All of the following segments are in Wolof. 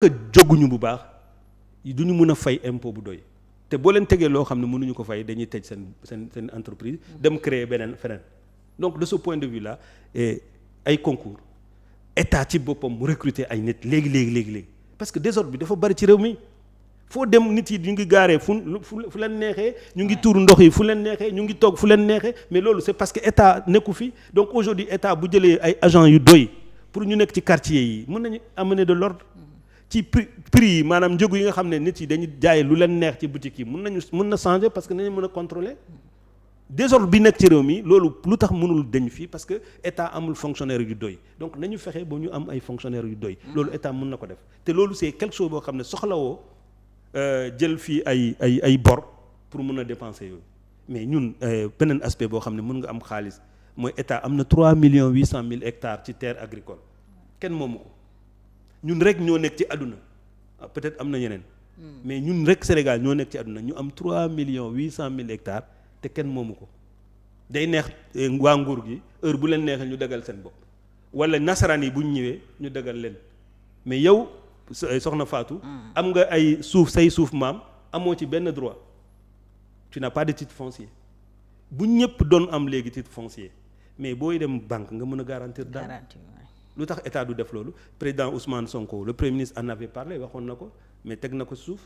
que bu baax du ñu mën a fay impôt bu doy te boo leen tegee loo xam ne mënuñu ko fay dañuy tëj seen seen seen entreprise dem créer beneen feneen donc de ce point de vue là eh, ay concours état ci boppam mu recruter ay nit léegi léegi léegi léegi parce que désordre bi dafa bari ci réew mi foo dem nit yi du ngi gaaree fu fu leen neexee ñu ngi tuur ndox yi fu leen neexee ñu ngi toog fu leen neexee mais loolu c'est parce que état nekku fi donc aujourd'hui état bu jëlee ay agent yu doy pour ñu nekk ci quartier yi mën nañu amener de l'ordre ci prix yi maanaam njëgu yi nga xam ne nit yi dañu jaay lu leen neex ci boutique yi mun nañu mun na changer parce que nañu mën a contrôler désordre bi nekk ci réew mi loolu lu tax munul deñ fii parce que état amul fonctionnaire yu doy donc nañu fexe ba ñu am ay fonctionnaire yu doy loolu état mun na ko def te loolu c'est quelque chose boo xam ne soxlawoo euh, jël fii ay ay ay bor pour mun a dépenser yooyu mais ñun euh, beneen aspect boo xam ne mën nga am xaalis mooy état am na 3 millions 800 mille hectares ci terre agricole kenn moomu ko ñun rek ñoo nekk ci àdduna ah, peut-être am na ñeneen. Hmm. mais ñun rek Sénégal ñoo nekk ci àdduna ñu am 3 millions cent mille hectares te kenn moomu ko day neex eh, waa nguur gi heure bu leen neexal ñu dagal seen bopp wala nasaraan yi bu ñu ñëwee ñu dagal leen mais yow eh, soxna faatu hmm. am nga ay suuf say suuf maam amoo ci benn droit tu na pas de titre foncier bu ñëpp doon am léegi titre foncier mais booy dem banque nga mën a garantir dara. lu tax état du def loolu président Ousmane Sonko le premier ministre en avait parlé waxoon na ko mais teg na ko suuf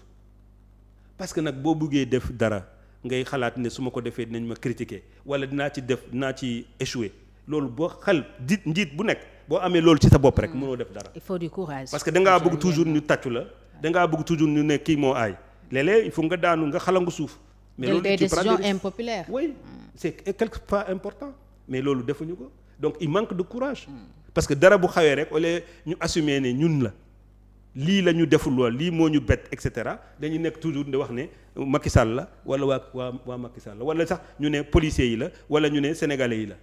parce que nag boo buggee def dara ngay xalaat ne su ma ko defee dinañ ma critiquer wala dinaa ci def dinaa ci échouer loolu boo xel di njiit bu nekk boo amee loolu sa bopp rek mm. mënoo def dara. il faut du que da ngaa bëgg toujours ñu tàccu la da ngaa bëgg toujours ñu ne kii moo aay léeg-léeg il faut nga daanu nga xalangu suuf. mais loolu des décisions impopulaires. oui mm. c'est quelque part important mais loolu defuñu ko donc il manque de courage. Mm. parce que dara bu xawee rek au ñu assumer ne ñun la lii la ñu deful lool lii moo ñu bett et cetera dañu nekk toujours di wax ne Macky Sall la wala waa waa waa Macky la wala sax ñu ne policiers yi la wala ñu ne sénégalais yi la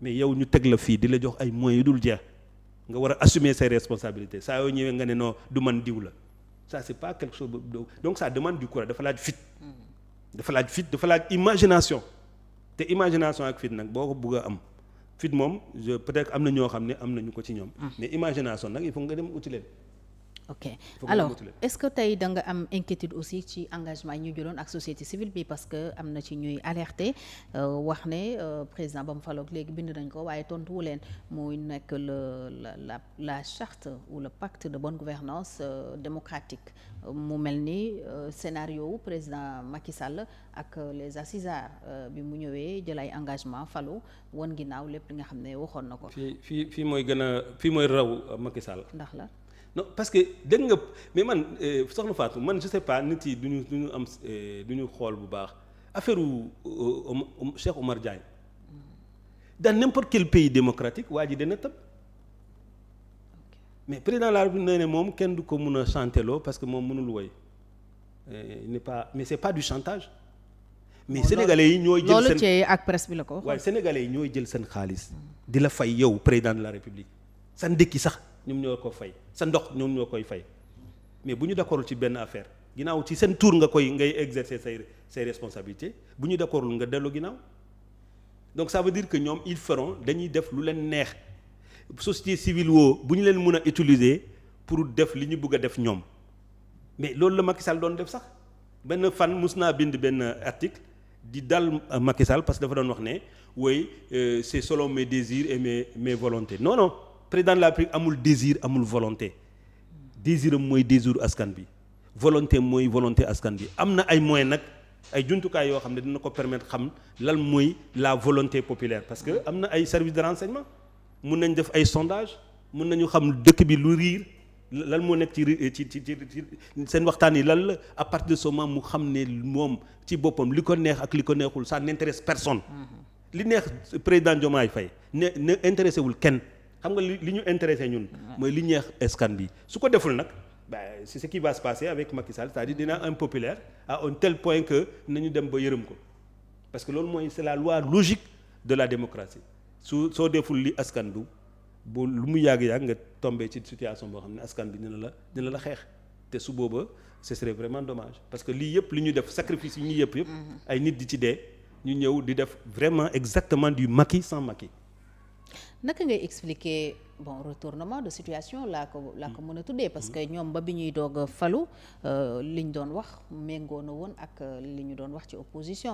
mais yow ñu teg la fii di la jox ay moyens yu dul jeex nga war a assumer ses responsabilités saa yoo ñëwee nga ne noo du man diw la ça c'est pas quelque chose donc ça demande du courage dafa laaj fit hmm. dafa laaj fit dafa laaj imagination te imagination ak fit nag boo ko bëgg a am. fit moom je am na ñoo xam ne am nañu ko ci ñoom mm. mais imagination nag il faut nga dem uti ok alors est-ce que tey da nga am inquiétude aussi ci engagement yi ñu jëloon ak société civile bi parce que am na ci ñuy alerter euh, wax ne euh, président ba mu faloog léegi bind nañ ko waaye tontuwu leen muy nekk le la la la charte ou le pacte de bon gouvernance euh, démocratique mu mel ni euh, scénario wu président Macky Sall ak les assisards bi mu ñëwee jël ay engagement falu woon ginnaaw lépp li nga xam ne waxoon na ko. fii fi fii mooy gën a fii mooy raw Macky Sall. ndax la. non parce que dégg nga mais man euh, soxna Fatou man je sais pas nit yi du ñu du ñu am euh, du ñu xool bu baax affaire u euh, Cheikh Omar Diagne dans n'importe quel pays démocratique waa ji dana tëb mais président de la République nee ne moom kenn du ko mun a chanteloo parce que moom mënul woy n'est pas mais c'est pas du chantage mais sénégalais yi ñooy jël seen ak presse bi la ko waaye sénégalais yi ñooy jël seen xaalis di la fay yow président de la République sa ndékki sax ñoom ñoo ko fay sa ndox ñoom ñoo koy fay mais bu ñu d'accordul ci benn affaire ginnaaw ci seen tour nga koy ngay exercer say say responsabilités bu ñu d'accordul nga dellu ginnaaw donc ça veut dire que ñoom ils feront dañuy def lu leen neex société civile woo bu ñu leen mën a utiliser pour def li ñu bëgg a def ñoom mais loolu la Macky Sall doon def sax benn fan mus naa bind benn article di dal euh, Macky Sall parce que dafa doon wax ne oui euh, c'est selon mes désirs et mes mes volontés non président la République amul désir amul volonté désir am mooy désir askan bi volonté mooy volonté askan bi am na ay moyen nag ay jumtukaay yoo xam ne dina ko permettre xam lan mooy la volonté populaire parce que am na ay service de renseignement mun nañ def ay sondage mun nañu xam dëkk bi lu riir lan moo nekk ci ci ci ci seen waxtaan yi lan la à partir de ce mu xam ne moom ci boppam li ko neex ak li ko neexul ça n'intéresse personne. Mm-hmm. li neex président Diomaye Faye ne ne intéressé wul kenn. xam nga li li ñu intéressé ñun. mooy li ñeex escan bi su ko deful nag. ba c'est ce qui va se passer avec Macky Sall c'est-à-dire dina impopulaire a un tel point que nañu dem ba yërëm ko parce que loolu mooy c'est la loi logique de la démocratie su soo deful li askan du bu lu mu yàgg-yàgg nga tombé ci situation boo xam ne askan bi dina la dina la xeex te su booba ce serait vraiment dommage parce que lii yëpp li ñu def sacrifice yi ñu yëpp yëpp mm-hmm. ay nit di ci dee ñu ñëw di def vraiment exactement du Macky sans Macky naka ngay expliquer bon retournement de situation laa ko laa ko mm. mën a tuddee parce que ñoom ba bi ñuy doog a falu euh, li ñu doon wax méngoo na woon ak euh, li ñu doon wax ci opposition